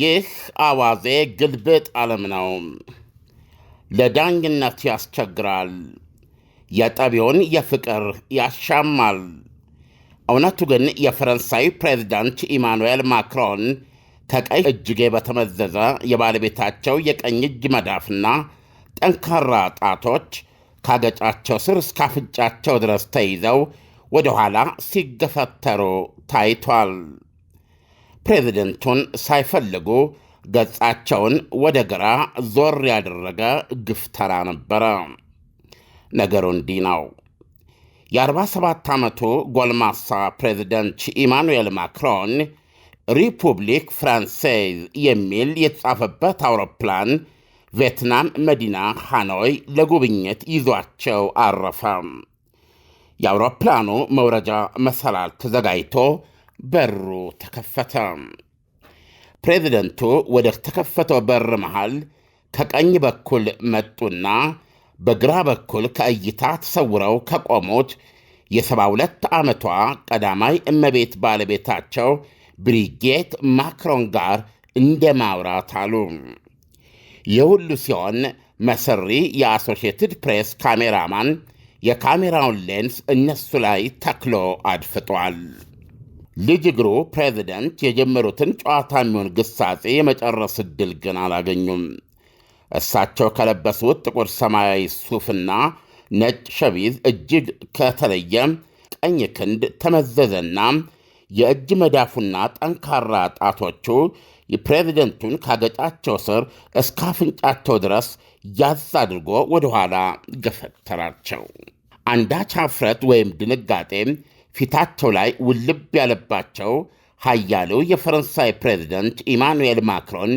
ይህ አዋዜ ግልብጥ ዓለም ነው። ለዳኝነት ያስቸግራል። የጠቢውን የፍቅር ያሻማል። እውነቱ ግን የፈረንሳይ ፕሬዚዳንት ኢማኑኤል ማክሮን ከቀይ እጅጌ በተመዘዘ የባለቤታቸው የቀኝ እጅ መዳፍና ጠንካራ ጣቶች ካገጫቸው ስር እስከ ድረስ ተይዘው ወደ ኋላ ሲገፈተሩ ታይቷል። ፕሬዚደንቱን ሳይፈልጉ ገጻቸውን ወደ ግራ ዞር ያደረገ ግፍተራ ነበረ። ነገሩ እንዲህ ነው። የ47 ዓመቱ ጎልማሳ ፕሬዚደንት ኢማኑኤል ማክሮን ሪፑብሊክ ፍራንሴዝ የሚል የተጻፈበት አውሮፕላን ቪየትናም መዲና ሃኖይ ለጉብኝት ይዟቸው አረፈ። የአውሮፕላኑ መውረጃ መሰላል ተዘጋጅቶ በሩ ተከፈተ። ፕሬዚደንቱ ወደ ተከፈተው በር መሃል ከቀኝ በኩል መጡና በግራ በኩል ከእይታ ተሰውረው ከቆሙት የ 72 ዓመቷ ቀዳማይ እመቤት ባለቤታቸው ብሪጌት ማክሮን ጋር እንደ ማውራት አሉ። የሁሉ ሲሆን መሰሪ የአሶሺየትድ ፕሬስ ካሜራማን የካሜራውን ሌንስ እነሱ ላይ ተክሎ አድፍጧል። ልጅ እግሩ ፕሬዚደንት የጀመሩትን ጨዋታ የሚሆን ግሳጼ የመጨረስ ዕድል ግን አላገኙም። እሳቸው ከለበሱት ጥቁር ሰማያዊ ሱፍና ነጭ ሸሚዝ እጅግ ከተለየ ቀኝ ክንድ ተመዘዘና የእጅ መዳፉና ጠንካራ ጣቶቹ የፕሬዚደንቱን ካገጫቸው ስር እስከ አፍንጫቸው ድረስ ያዝ አድርጎ ወደኋላ ገፈተራቸው። አንዳች ኀፍረት ወይም ድንጋጤ ፊታቸው ላይ ውልብ ያለባቸው ኃያሉ የፈረንሳይ ፕሬዚደንት ኢማኑኤል ማክሮን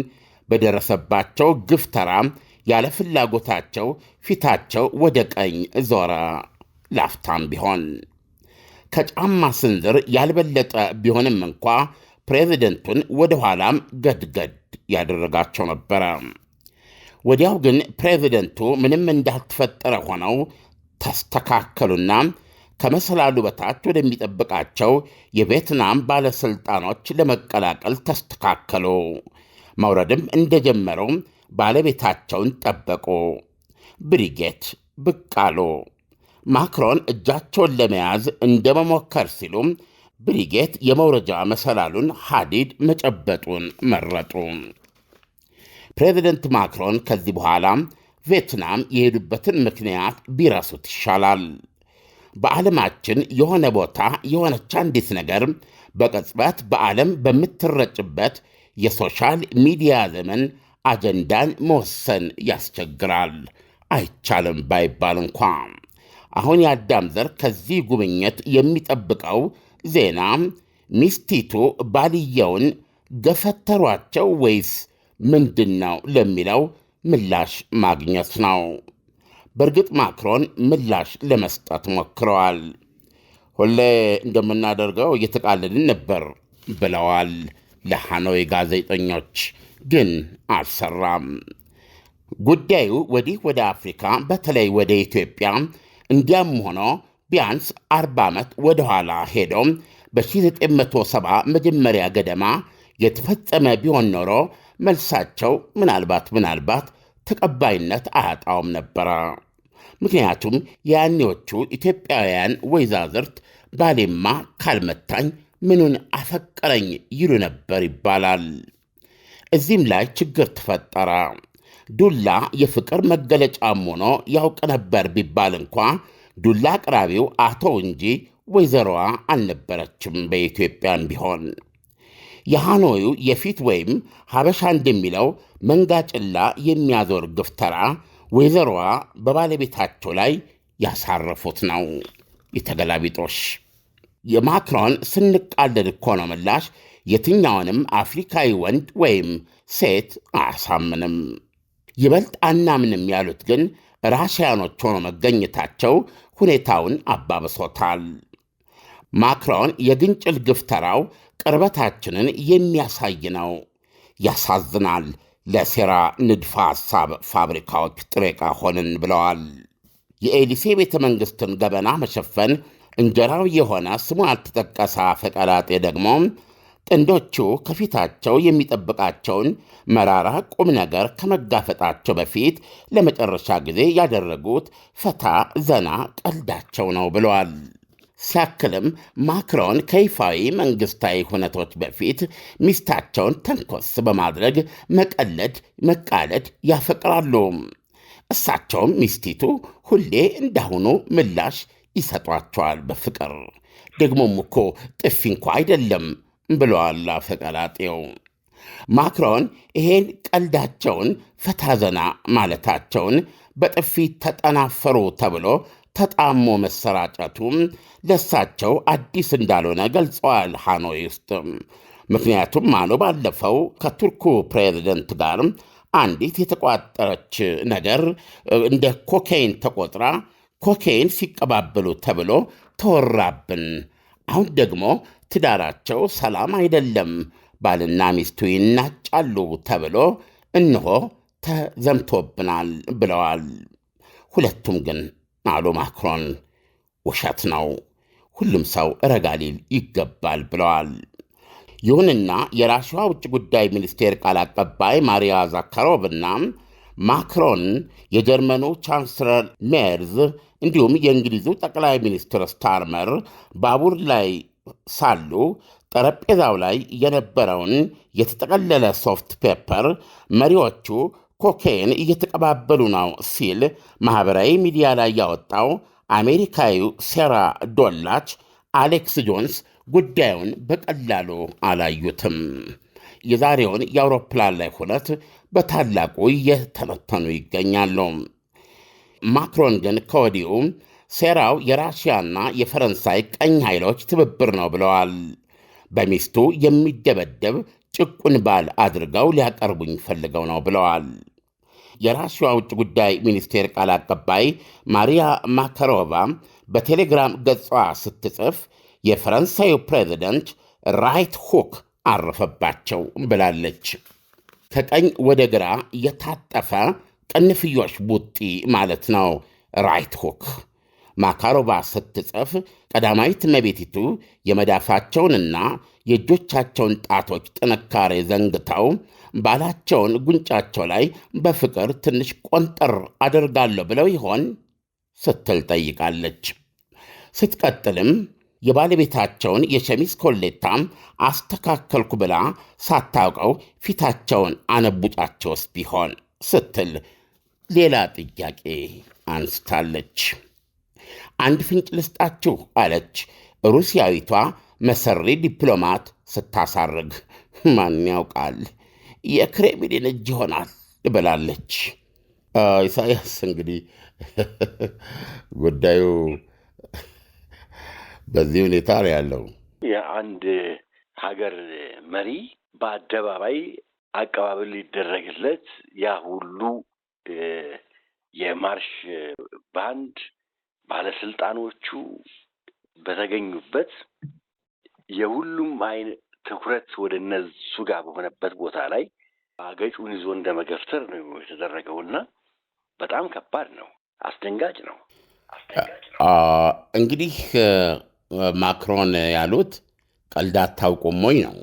በደረሰባቸው ግፍ ተራ ያለ ፍላጎታቸው ፊታቸው ወደ ቀኝ ዞረ። ላፍታም ቢሆን ከጫማ ስንዝር ያልበለጠ ቢሆንም እንኳ ፕሬዚደንቱን ወደ ኋላም ገድገድ ያደረጋቸው ነበረ። ወዲያው ግን ፕሬዚደንቱ ምንም እንዳልተፈጠረ ሆነው ተስተካከሉና ከመሰላሉ በታች ወደሚጠብቃቸው የቬትናም ባለሥልጣኖች ለመቀላቀል ተስተካከሉ። መውረድም እንደጀመሩ ባለቤታቸውን ጠበቁ። ብሪጌት ብቅ አሉ። ማክሮን እጃቸውን ለመያዝ እንደ መሞከር ሲሉ ብሪጌት የመውረጃ መሰላሉን ሐዲድ መጨበጡን መረጡ። ፕሬዚደንት ማክሮን ከዚህ በኋላ ቪየትናም የሄዱበትን ምክንያት ቢረሱት ይሻላል። በዓለማችን የሆነ ቦታ የሆነች አንዲት ነገር በቅጽበት በዓለም በምትረጭበት የሶሻል ሚዲያ ዘመን አጀንዳን መወሰን ያስቸግራል፣ አይቻልም ባይባል እንኳ። አሁን የአዳም ዘር ከዚህ ጉብኝት የሚጠብቀው ዜና ሚስቲቱ ባልየውን ገፈተሯቸው ወይስ ምንድን ነው ለሚለው ምላሽ ማግኘት ነው። በእርግጥ ማክሮን ምላሽ ለመስጠት ሞክረዋል። ሁሌ እንደምናደርገው እየተቃለድን ነበር ብለዋል ለሃኖይ ጋዜጠኞች። ግን አልሰራም። ጉዳዩ ወዲህ ወደ አፍሪካ በተለይ ወደ ኢትዮጵያ እንዲያም ሆኖ ቢያንስ 40 ዓመት ወደኋላ ሄዶ በ1970 መጀመሪያ ገደማ የተፈጸመ ቢሆን ኖሮ መልሳቸው ምናልባት ምናልባት ተቀባይነት አያጣውም ነበረ። ምክንያቱም ያኔዎቹ ኢትዮጵያውያን ወይዛዝርት ባሌማ ካልመታኝ ምኑን አፈቀረኝ ይሉ ነበር ይባላል። እዚህም ላይ ችግር ተፈጠረ። ዱላ የፍቅር መገለጫም ሆኖ ያውቅ ነበር ቢባል እንኳ ዱላ አቅራቢው አቶ እንጂ ወይዘሮዋ አልነበረችም በኢትዮጵያም ቢሆን የሃኖዩ የፊት ወይም ሀበሻ እንደሚለው መንጋ ጭላ የሚያዞር ግፍተራ ወይዘሮዋ በባለቤታቸው ላይ ያሳረፉት ነው። የተገላቢጦሽ የማክሮን ስንቃለድ እኮ ነው ምላሽ የትኛውንም አፍሪካዊ ወንድ ወይም ሴት አያሳምንም። ይበልጥ አናምንም ያሉት ግን ራሽያኖች ሆኖ መገኘታቸው ሁኔታውን አባብሶታል። ማክሮን የግንጭል ግፍተራው ቅርበታችንን የሚያሳይ ነው። ያሳዝናል። ለሴራ ንድፈ ሐሳብ ፋብሪካዎች ጥሬ ዕቃ ሆንን ብለዋል። የኤሊሴ ቤተ መንግሥትን ገበና መሸፈን እንጀራው የሆነ ስሙ ያልተጠቀሰ አፈቀላጤ ደግሞ ጥንዶቹ ከፊታቸው የሚጠብቃቸውን መራራ ቁም ነገር ከመጋፈጣቸው በፊት ለመጨረሻ ጊዜ ያደረጉት ፈታ ዘና ቀልዳቸው ነው ብለዋል። ሲያክልም ማክሮን ከይፋዊ መንግስታዊ ሁነቶች በፊት ሚስታቸውን ተንኮስ በማድረግ መቀለድ፣ መቃለድ ያፈቅራሉ። እሳቸውም ሚስቲቱ ሁሌ እንዳሁኑ ምላሽ ይሰጧቸዋል በፍቅር ደግሞም እኮ ጥፊ እንኳ አይደለም ብለዋል አፈቀላጤው። ማክሮን ይሄን ቀልዳቸውን ፈታዘና ማለታቸውን በጥፊ ተጠናፈሩ ተብሎ ተጣሞ መሰራጨቱ ለሳቸው አዲስ እንዳልሆነ ገልጸዋል። ሃኖይ ውስጥ ምክንያቱም አሉ ባለፈው ከቱርኩ ፕሬዚደንት ጋር አንዲት የተቋጠረች ነገር እንደ ኮኬይን ተቆጥራ ኮኬይን ሲቀባበሉ ተብሎ ተወራብን። አሁን ደግሞ ትዳራቸው ሰላም አይደለም፣ ባልና ሚስቱ ይናጫሉ ተብሎ እንሆ ተዘምቶብናል ብለዋል። ሁለቱም ግን አሉ ማክሮን። ውሸት ነው፣ ሁሉም ሰው ረጋ ሊል ይገባል ብለዋል። ይሁንና የራሽዋ ውጭ ጉዳይ ሚኒስቴር ቃል አቀባይ ማሪያ ዛካሮቭና ማክሮን የጀርመኑ ቻንስለር ሜርዝ እንዲሁም የእንግሊዙ ጠቅላይ ሚኒስትር ስታርመር ባቡር ላይ ሳሉ ጠረጴዛው ላይ የነበረውን የተጠቀለለ ሶፍት ፔፐር መሪዎቹ ኮኬን እየተቀባበሉ ነው ሲል ማኅበራዊ ሚዲያ ላይ ያወጣው አሜሪካዊ ሴራ ዶላች አሌክስ ጆንስ ጉዳዩን በቀላሉ አላዩትም። የዛሬውን የአውሮፕላን ላይ ሁነት በታላቁ እየተነተኑ ይገኛሉ። ማክሮን ግን ከወዲሁ ሴራው የራሽያና የፈረንሳይ ቀኝ ኃይሎች ትብብር ነው ብለዋል። በሚስቱ የሚደበደብ ጭቁን ባል አድርገው ሊያቀርቡኝ ፈልገው ነው ብለዋል። የራሽያ ውጭ ጉዳይ ሚኒስቴር ቃል አቀባይ ማሪያ ማካሮቫ በቴሌግራም ገጿ ስትጽፍ የፈረንሳዩ ፕሬዚደንት ራይት ሁክ አረፈባቸው ብላለች። ከቀኝ ወደ ግራ የታጠፈ ቅንፍዮሽ ቡጢ ማለት ነው ራይት ሁክ። ማካሮቫ ስትጽፍ ቀዳማዊት እመቤቲቱ የመዳፋቸውንና የእጆቻቸውን ጣቶች ጥንካሬ ዘንግተው ባላቸውን ጉንጫቸው ላይ በፍቅር ትንሽ ቆንጠር አደርጋለሁ ብለው ይሆን ስትል ጠይቃለች። ስትቀጥልም የባለቤታቸውን የሸሚዝ ኮሌታም አስተካከልኩ ብላ ሳታውቀው ፊታቸውን አነቡጫቸውስ ቢሆን ስትል ሌላ ጥያቄ አንስታለች። አንድ ፍንጭ ልስጣችሁ አለች ሩሲያዊቷ መሰሪ ዲፕሎማት ስታሳርግ ማን ያውቃል የክሬምሊን እጅ ይሆናል ብላለች። ኢሳያስ እንግዲህ ጉዳዩ በዚህ ሁኔታ ነው ያለው። የአንድ ሀገር መሪ በአደባባይ አቀባበል ሊደረግለት ያ ሁሉ የማርሽ ባንድ ባለስልጣኖቹ በተገኙበት የሁሉም አይን ትኩረት ወደ እነሱ ጋር በሆነበት ቦታ ላይ አገጩን ይዞ እንደ መገፍተር ነው የተደረገው እና በጣም ከባድ ነው። አስደንጋጭ ነው። እንግዲህ ማክሮን ያሉት ቀልድ አታውቁም ወይ ነው።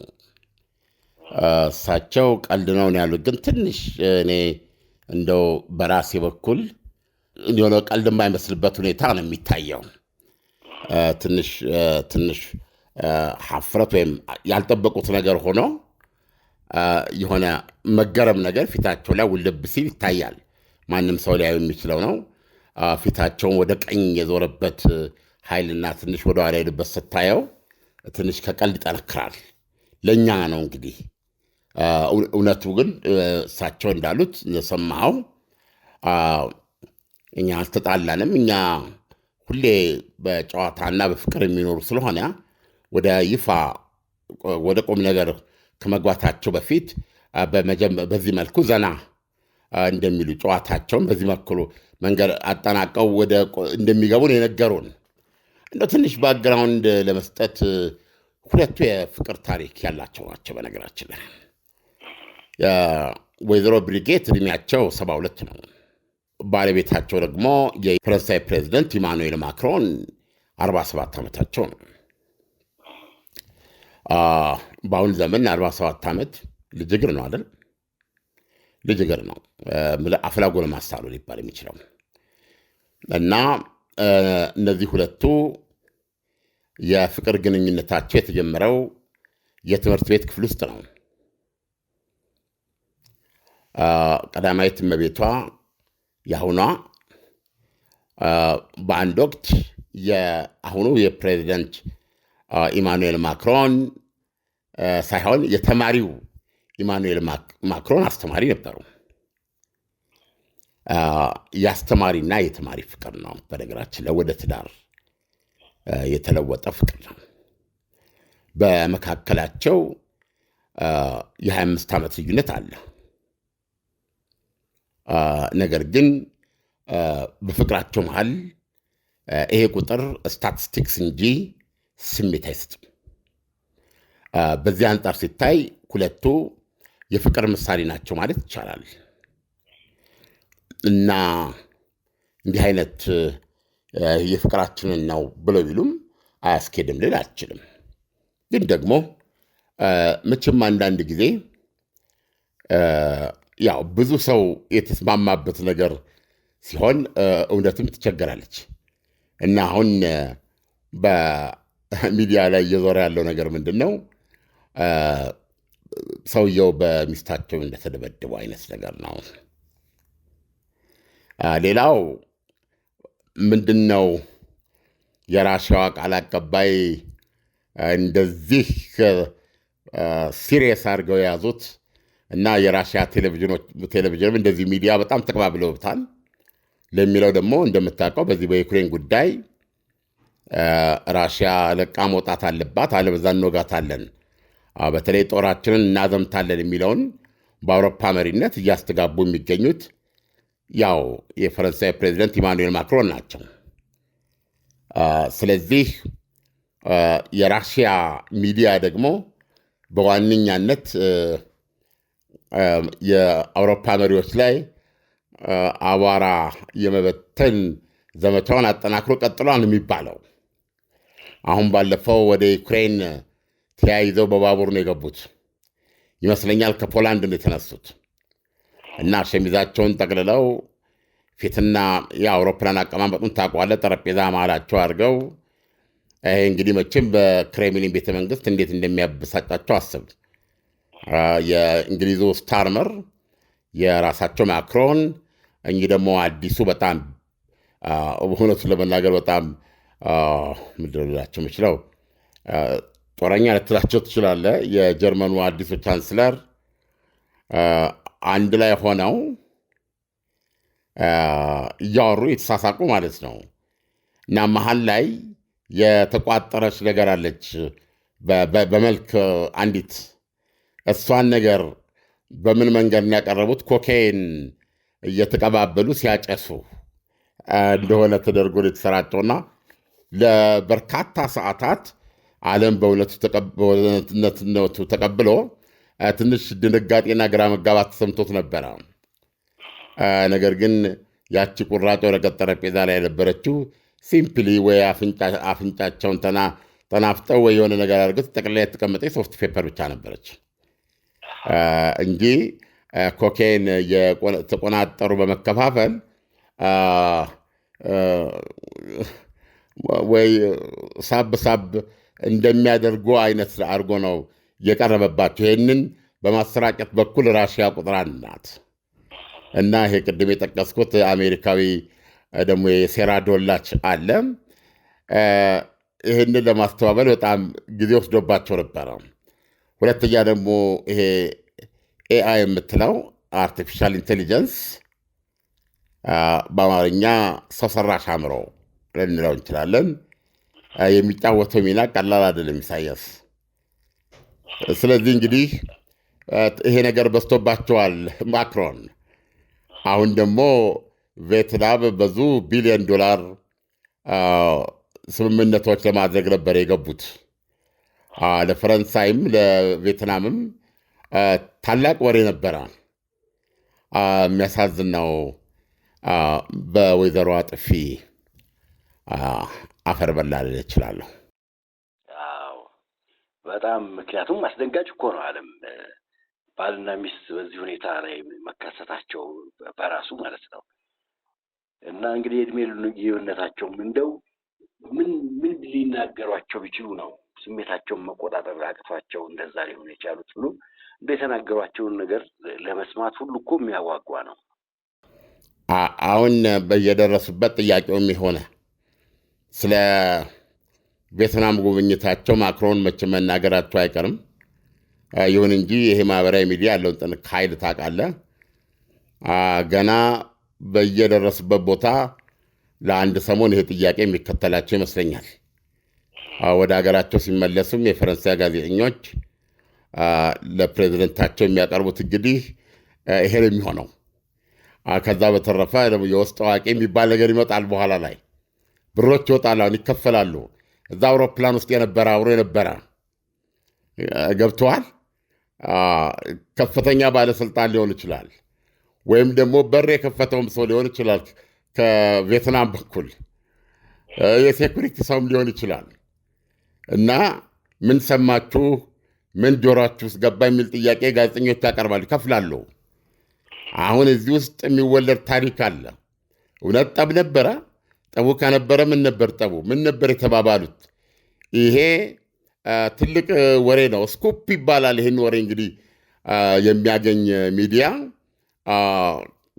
እሳቸው ቀልድ ነው ያሉት፣ ግን ትንሽ እኔ እንደው በራሴ በኩል የሆነ ቀልድ የማይመስልበት ሁኔታ ነው የሚታየው። ትንሽ ትንሽ ሀፍረት ወይም ያልጠበቁት ነገር ሆኖ የሆነ መገረም ነገር ፊታቸው ላይ ውልብ ሲል ይታያል። ማንም ሰው ሊያዩ የሚችለው ነው። ፊታቸውን ወደ ቀኝ የዞረበት ኃይልና ትንሽ ወደ ኋላ ሄዱበት ስታየው ትንሽ ከቀልድ ይጠነክራል። ለእኛ ነው እንግዲህ እውነቱ ግን እሳቸው እንዳሉት የሰማኸው እኛ አልተጣላንም። እኛ ሁሌ በጨዋታና በፍቅር የሚኖሩ ስለሆነ ወደ ይፋ ወደ ቁም ነገር ከመግባታቸው በፊት በዚህ መልኩ ዘና እንደሚሉ ጨዋታቸውን በዚህ መልኩ መንገድ አጠናቀው ወደ እንደሚገቡን የነገሩን። እንደ ትንሽ ባክግራውንድ ለመስጠት ሁለቱ የፍቅር ታሪክ ያላቸው ናቸው። በነገራችን ላይ ወይዘሮ ብሪጌት እድሜያቸው ሰባ ሁለት ነው። ባለቤታቸው ደግሞ የፈረንሳይ ፕሬዚደንት ኢማኑኤል ማክሮን 47 ዓመታቸው ነው። በአሁን ዘመን 47 ዓመት ልጅግር ነው አይደል? ልጅግር ነው አፍላ ጎልማሳ ነው ሊባል የሚችለው እና እነዚህ ሁለቱ የፍቅር ግንኙነታቸው የተጀመረው የትምህርት ቤት ክፍል ውስጥ ነው። ቀዳማዊት እመቤቷ የአሁኗ በአንድ ወቅት የአሁኑ የፕሬዚደንት ኢማኑኤል ማክሮን ሳይሆን የተማሪው ኢማኑኤል ማክሮን አስተማሪ ነበሩ። የአስተማሪና የተማሪ ፍቅር ነው። በነገራችን ላይ ወደ ትዳር የተለወጠ ፍቅር ነው። በመካከላቸው የ25 ዓመት ልዩነት አለ። ነገር ግን በፍቅራቸው መሃል ይሄ ቁጥር ስታቲስቲክስ እንጂ ስሜት አይሰጥም። በዚህ አንጻር ሲታይ ሁለቱ የፍቅር ምሳሌ ናቸው ማለት ይቻላል። እና እንዲህ አይነት የፍቅራችንን ነው ብለው ቢሉም አያስኬድም ልል አልችልም። ግን ደግሞ መቼም አንዳንድ ጊዜ ያው ብዙ ሰው የተስማማበት ነገር ሲሆን እውነትም ትቸገራለች እና አሁን ሚዲያ ላይ እየዞረ ያለው ነገር ምንድን ነው? ሰውየው በሚስታቸው እንደተደበደቡ አይነት ነገር ነው። ሌላው ምንድን ነው የራሻዋ ቃል አቀባይ እንደዚህ ሲሪየስ አድርገው የያዙት እና የራሽያ ቴሌቪዥንም እንደዚህ ሚዲያ በጣም ተቀባብለውብታል ለሚለው ደግሞ እንደምታውቀው በዚህ በዩክሬን ጉዳይ ራሽያ ለቃ መውጣት አለባት፣ አለበዛ እንወጋታለን፣ በተለይ ጦራችንን እናዘምታለን የሚለውን በአውሮፓ መሪነት እያስተጋቡ የሚገኙት ያው የፈረንሳይ ፕሬዚደንት ኢማኑኤል ማክሮን ናቸው። ስለዚህ የራሽያ ሚዲያ ደግሞ በዋነኛነት የአውሮፓ መሪዎች ላይ አቧራ የመበተን ዘመቻውን አጠናክሮ ቀጥሏል የሚባለው አሁን ባለፈው ወደ ዩክሬን ተያይዘው በባቡር ነው የገቡት ይመስለኛል። ከፖላንድ ነው የተነሱት እና ሸሚዛቸውን ጠቅልለው ፊትና የአውሮፕላን አቀማመጡን ታቋለ ጠረጴዛ ማላቸው አድርገው ይሄ እንግዲህ መቼም በክሬምሊን ቤተ መንግስት እንዴት እንደሚያበሳጫቸው አስብ። የእንግሊዙ ስታርመር፣ የራሳቸው ማክሮን፣ እኚህ ደግሞ አዲሱ በጣም እውነቱን ለመናገር በጣም ምድር ላቸው ልላቸው የምችለው ጦረኛ ልትላቸው ትችላለ። የጀርመኑ አዲሱ ቻንስለር አንድ ላይ ሆነው እያወሩ የተሳሳቁ ማለት ነው እና መሀል ላይ የተቋጠረች ነገር አለች በመልክ አንዲት እሷን ነገር በምን መንገድ ያቀረቡት ኮካይን እየተቀባበሉ ሲያጨሱ እንደሆነ ተደርጎ የተሰራጨውና ለበርካታ ሰዓታት ዓለም በእውነትነቱ ተቀብሎ ትንሽ ድንጋጤና ግራ መጋባት ተሰምቶት ነበረ። ነገር ግን ያቺ ቁራጭ ወረቀት ጠረጴዛ ላይ የነበረችው ሲምፕሊ ወይ አፍንጫቸውን ተናፍጠው ወይ የሆነ ነገር አድርገው ጠቅላይ የተቀመጠ ሶፍት ፔፐር ብቻ ነበረች እንጂ ኮኬን ተቆናጠሩ በመከፋፈል ወይ ሳብ ሳብ እንደሚያደርጉ አይነት አድርጎ ነው የቀረበባቸው። ይህንን በማሰራጨት በኩል ራሽያ ቁጥር አንድ ናት እና ይሄ ቅድም የጠቀስኩት አሜሪካዊ ደግሞ የሴራ ዶላች አለ። ይህንን ለማስተባበል በጣም ጊዜ ወስዶባቸው ነበረ። ሁለተኛ ደግሞ ይሄ ኤአይ የምትለው አርቲፊሻል ኢንቴሊጀንስ በአማርኛ ሰው ሰራሽ አእምሮ ልንለው እንችላለን። የሚጫወተው ሚና ቀላል አይደለም ኢሳያስ። ስለዚህ እንግዲህ ይሄ ነገር በዝቶባቸዋል ማክሮን። አሁን ደግሞ ቬትናም ብዙ ቢሊዮን ዶላር ስምምነቶች ለማድረግ ነበር የገቡት። ለፈረንሳይም ለቬትናምም ታላቅ ወሬ ነበረ። የሚያሳዝን ነው በወይዘሮ ጥፊ አፈር በላ ልል እችላለሁ። አዎ በጣም ምክንያቱም አስደንጋጭ እኮ ነው ዓለም ባልና ሚስት በዚህ ሁኔታ ላይ መከሰታቸው በራሱ ማለት ነው። እና እንግዲህ የእድሜ ልዩነታቸውም እንደው ምን ምን ሊናገሯቸው ቢችሉ ነው ስሜታቸውን መቆጣጠር አቅቷቸው እንደዛ ሊሆን የቻሉት ብሎ እንደ የተናገሯቸውን ነገር ለመስማት ሁሉ እኮ የሚያጓጓ ነው። አሁን በየደረሱበት ጥያቄውም የሆነ ስለ ቬትናም ጉብኝታቸው ማክሮን መቼ መናገራቸው አይቀርም። ይሁን እንጂ ይሄ ማህበራዊ ሚዲያ ያለውን ጥንክ ኃይል ታውቃለህ። ገና በየደረሱበት ቦታ ለአንድ ሰሞን ይሄ ጥያቄ የሚከተላቸው ይመስለኛል። ወደ ሀገራቸው ሲመለሱም የፈረንሳይ ጋዜጠኞች ለፕሬዝደንታቸው የሚያቀርቡት እንግዲህ ይሄ የሚሆነው ከዛ በተረፈ የውስጥ አዋቂ የሚባል ነገር ይመጣል በኋላ ላይ ብሮች ይወጣላን ይከፈላሉ። እዛ አውሮፕላን ውስጥ የነበረ አብሮ የነበረ ገብተዋል። ከፍተኛ ባለስልጣን ሊሆን ይችላል፣ ወይም ደግሞ በር የከፈተውም ሰው ሊሆን ይችላል። ከቪየትናም በኩል የሴኩሪቲ ሰውም ሊሆን ይችላል። እና ምን ሰማችሁ፣ ምን ጆሯችሁ ውስጥ ገባ የሚል ጥያቄ ጋዜጠኞች ያቀርባሉ፣ ይከፍላሉ። አሁን እዚህ ውስጥ የሚወለድ ታሪክ አለ። እውነት ጠብ ነበረ ጠቡ ከነበረ ምን ነበር ጠቡ ምን ነበር የተባባሉት? ይሄ ትልቅ ወሬ ነው። ስኩፕ ይባላል። ይህን ወሬ እንግዲህ የሚያገኝ ሚዲያ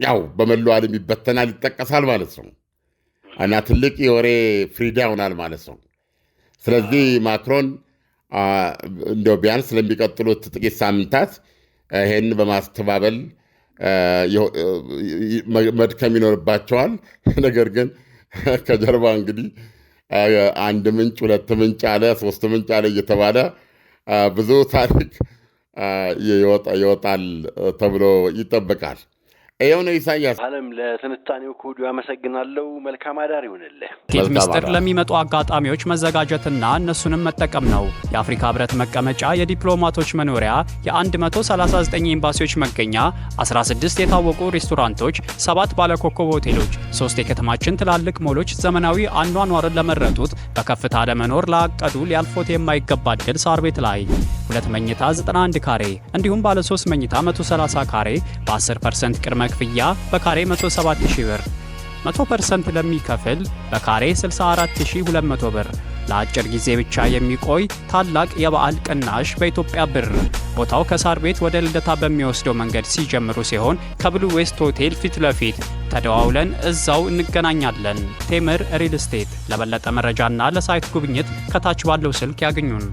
ያው በመላው ዓለም ይበተናል፣ ይጠቀሳል ማለት ነው እና ትልቅ የወሬ ፍሪዳ ይሆናል ማለት ነው። ስለዚህ ማክሮን እንደ ቢያንስ ለሚቀጥሉት ጥቂት ሳምንታት ይህን በማስተባበል መድከም ይኖርባቸዋል። ነገር ግን ከጀርባ እንግዲህ አንድ ምንጭ ሁለት ምንጭ አለ ሶስት ምንጭ አለ እየተባለ ብዙ ታሪክ ይወጣል ተብሎ ይጠበቃል። ይኸው ነው ኢሳያስ አለም ለትንታኔው ኮዱ ያመሰግናለው። መልካም አዳር ይሆንልህ። ኬት ሚስጥር ለሚመጡ አጋጣሚዎች መዘጋጀትና እነሱንም መጠቀም ነው። የአፍሪካ ህብረት መቀመጫ፣ የዲፕሎማቶች መኖሪያ፣ የ139 ኤምባሲዎች መገኛ፣ 16 የታወቁ ሬስቶራንቶች፣ 7 ባለኮከብ ሆቴሎች፣ 3 የከተማችን ትላልቅ ሞሎች ዘመናዊ አኗኗርን ለመረጡት በከፍታ ለመኖር ላቀዱ ሊያልፎት የማይገባ ድል ሳር ቤት ላይ ሁለት መኝታ 91 ካሬ እንዲሁም ባለ 3 መኝታ 130 ካሬ በ10 ፐርሰንት ቅድመ ክፍያ በካሬ 170,000 ብር፣ 100% ለሚከፍል በካሬ 64,200 ብር። ለአጭር ጊዜ ብቻ የሚቆይ ታላቅ የበዓል ቅናሽ በኢትዮጵያ ብር። ቦታው ከሳር ቤት ወደ ልደታ በሚወስደው መንገድ ሲጀምሩ ሲሆን ከብሉ ዌስት ሆቴል ፊት ለፊት ተደዋውለን እዛው እንገናኛለን። ቴምር ሪል ስቴት። ለበለጠ መረጃና ለሳይት ጉብኝት ከታች ባለው ስልክ ያገኙን።